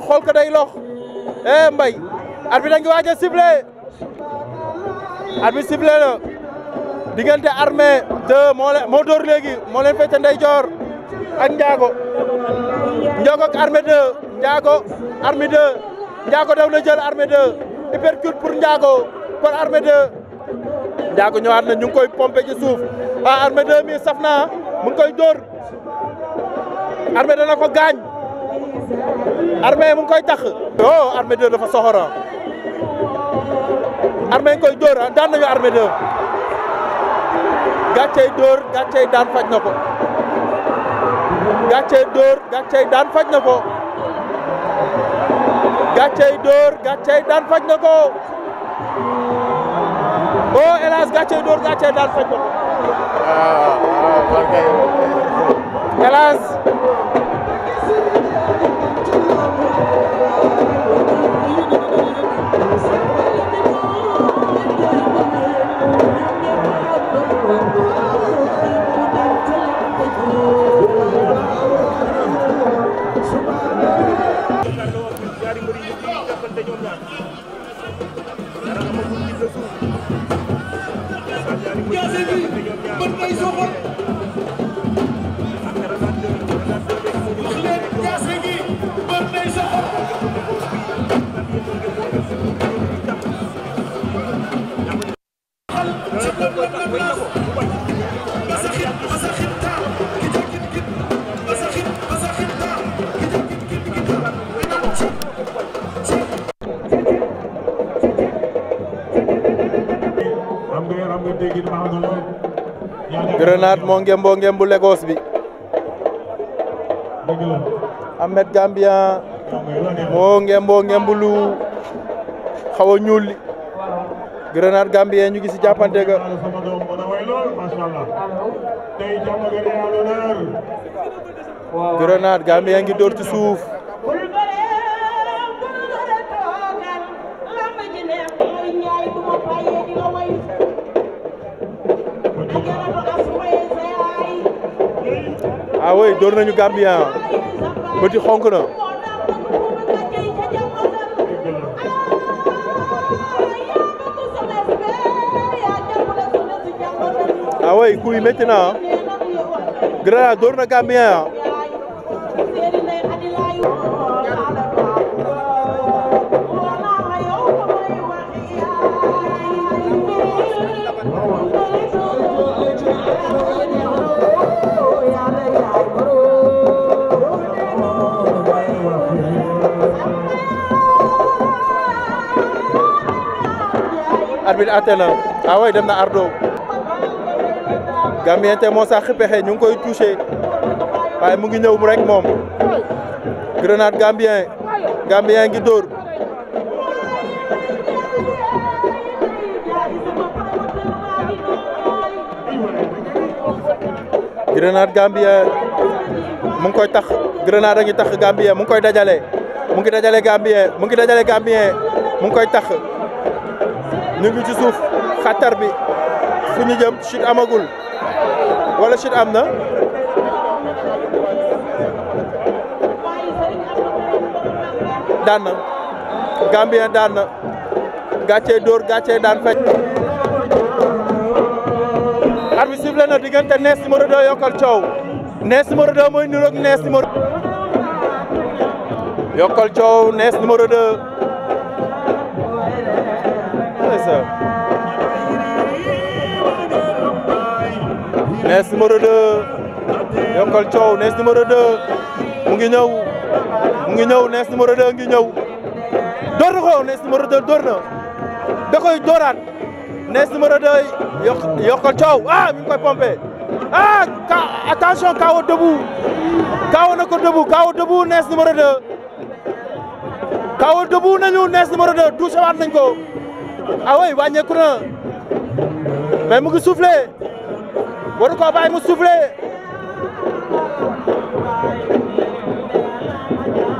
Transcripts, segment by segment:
lox xool ko day lox eh Mbaye arbitre a ngi waaj a sifflé arbitre sifflé na diggante Armé 2 moo leen léegi moo leen fekk ndeyjoor ak Ndiago Ndiago ak Armé 2 Ndiago Armé 2 daw na jël Armé 2 uppercut pour Ndiago pour Armé 2 Ndiago ñëwaat na ñu koy pompé ci suuf ah Armé 2 mi saf na mu ngi koy dóor Armé dana ko gaañ. armée mu ngi koy tax oh armée 2 dafa soxora armée ngi koy dóor ah, daan nañu armée 2 gàccey dóor gàccey daan faj na ko gàccey dóor gàccey daan faj na ko gàccey dóor gàccey daan faj ga ko oh daan faj na ko. waaw ah, ah, waaw Grenade moo ngemboo ngembu Lagos bi Ahmed Gambien moo ngemboo ngembu lu xaw ñuul li Grenade Gambien ñu ngi si jàppante Grenade Gambien ngi dóor ci suuf ah oui door nañu Gambien bëti xonk na ah oui kuy métti na Grenade door na Gambien arbitre atte na ah dem na ardo Gambien te moo sax pexe ñu ngi koy touché waaye mu ngi ñëw mu rek moom grenade Gambien Gambien ngi dóor grenade Gambien mu ngi koy tax grenade a ngi tax Gambien mu ngi koy dajale mu ngi dajale Gambien mu ngi dajale Gambien mu ngi koy tax ñu ngi ci suuf xatar bi fu ñu jëm chute amagul wala chute am na daan na Gambien daan na gàccee dóor gàccee daan fecc arbi sifflé na diggante nees numéro 2 yokkal coow nees numéro 2 mooy niroog nees numéro yokkal coow nees numéro ndeysaan Ness numéro 2 yokkal coow Ness numéro 2 mu ngi ñëw mu ngi ñëw Ness numéro 2 ngi ñëw door na ko Ness numéro 2 door na da koy dooraat Ness numéro 2 yok yokkal coow ah mi ngi koy pompé ah ka attention kaawa debout kaawa na ko debout kaawa debout Ness numéro 2 kaawa debout nañu Ness numéro 2 nañ ko. ah oui wàññeeku na mais mu ngi soufflé waru ko bàyyi mu soufflé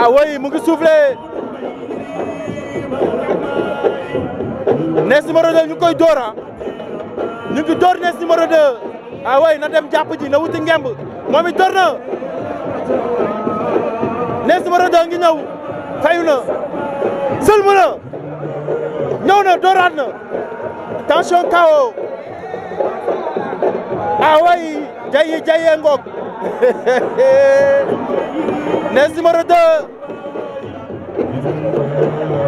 ah mu ngi soufflé Ness numéro 2 ñu koy door ah. ñu ngi door Ness numéro 2 ah na dem jàpp ji na wuti ngemb moom it door na Ness ngi ñëw fayu na sëlmu ñëw na dooraat na tension KO away ah jaye jaye ngoog Ness numéro 2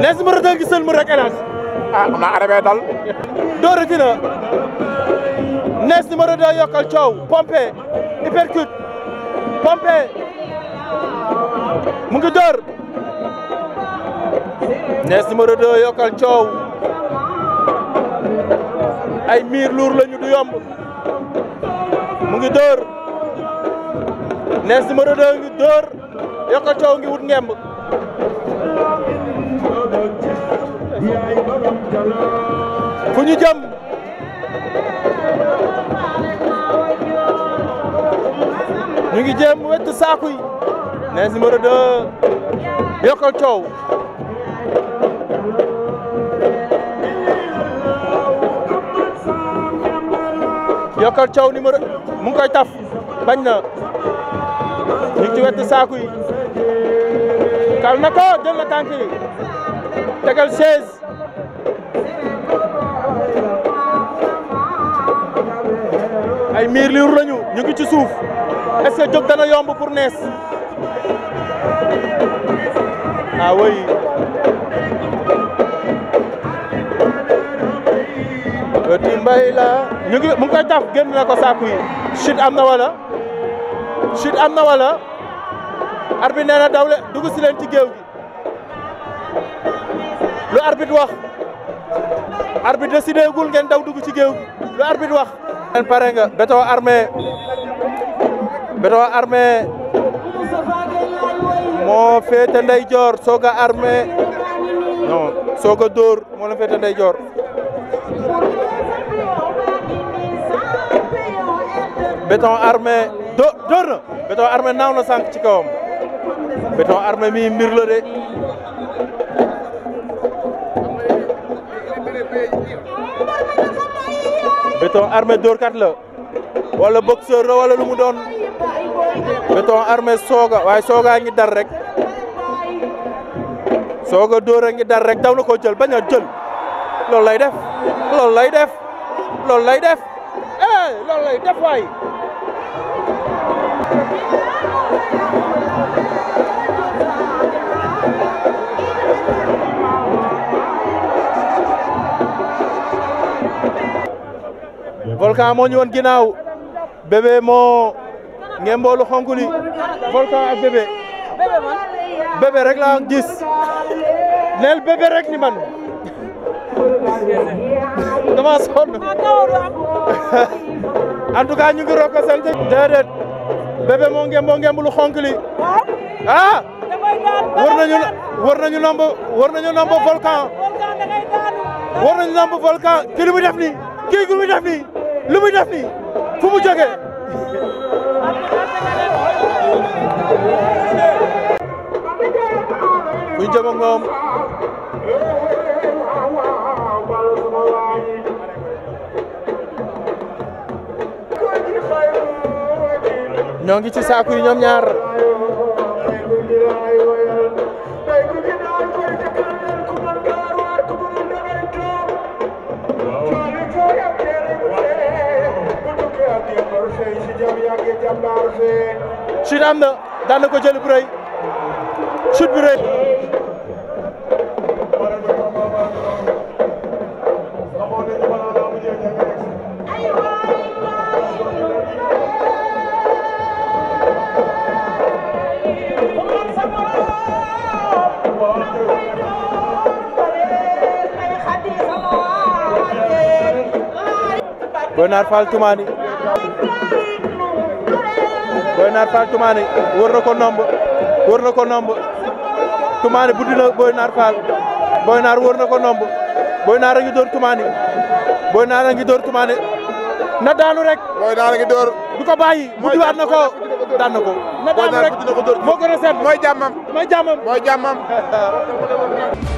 Ness numéro 2 gisal mu ah, yokkal coow pompé uppercut pompé mu ngi door Ness numéro 2 yokkal coow ay miir luur lañu du yomb mu ngi dóor nees numéro 2 ngi dóor yokka coow ngi wut ngemb fu ñu jëm ñu ngi jëm wett saaku yi nees numéro 2 yokkal coow yokkal caw numéro mu ngi koy taf bañ na ñu ci wetu saaku yi kal na ko jël na tànk yi ay miir liir lañu ñu ngi ci suuf est-ce que dana yomb pour nees ah mbay la ñu mu ngi taf génn na ko saaku yi am na wala chute am na wala arbitre nee na daw le dugg si leen ci géew gi lu arbitre wax arbitre décidé gul ngeen daw dugg ci géew gi lu arbitre wax en pare nga béton armé béton armé moo féete ndey joor sooga armé non sooga dóor moo la féete ndey joor béton armé do dóor na béton armé naaw na sànq ci kawam béton armé mi mbir la de béton la wala boxeur la wala lu mu doon béton armé sooga waaye soogaa ngi dar rek sooga dóor a ngi dar rek daw na ko jël bañ a lay def loolu lay def loolu lay def eh volcan moo ñu woon ginnaaw bébé moo ngemboolu xonk li volcan ak bébé bébé rek laa neel bébé rek man dama sonn ñu ngi rokk sante déedéet bébé moo ngeen bu ngeen lu xonk li ah war nañu war nañu lomb war nañu lomb volcan war nañu lomb volcan kii def nii kii lu muy def nii lu muy def nii fu mu jógee buñ jëm ak moom ñoo ngi ci saaku yi ñoom ñaar chute am na daan na ko jël bu rëy chute Boy Nar Fall Toumany Boy Nar na ko nomb wër na ko nomb Toumany buddi na Boy Nar Fall Boy Nar wër na ko nomb Boy Nar a ngi dóor Toumany Boy Nar ngi dóor Toumany na daanu rek. Boy Nar ngi dóor. du ko bàyyi buddiwaat na ko daan na ko. na daanu rek moo gën a set mooy jàmmam mooy jàmmam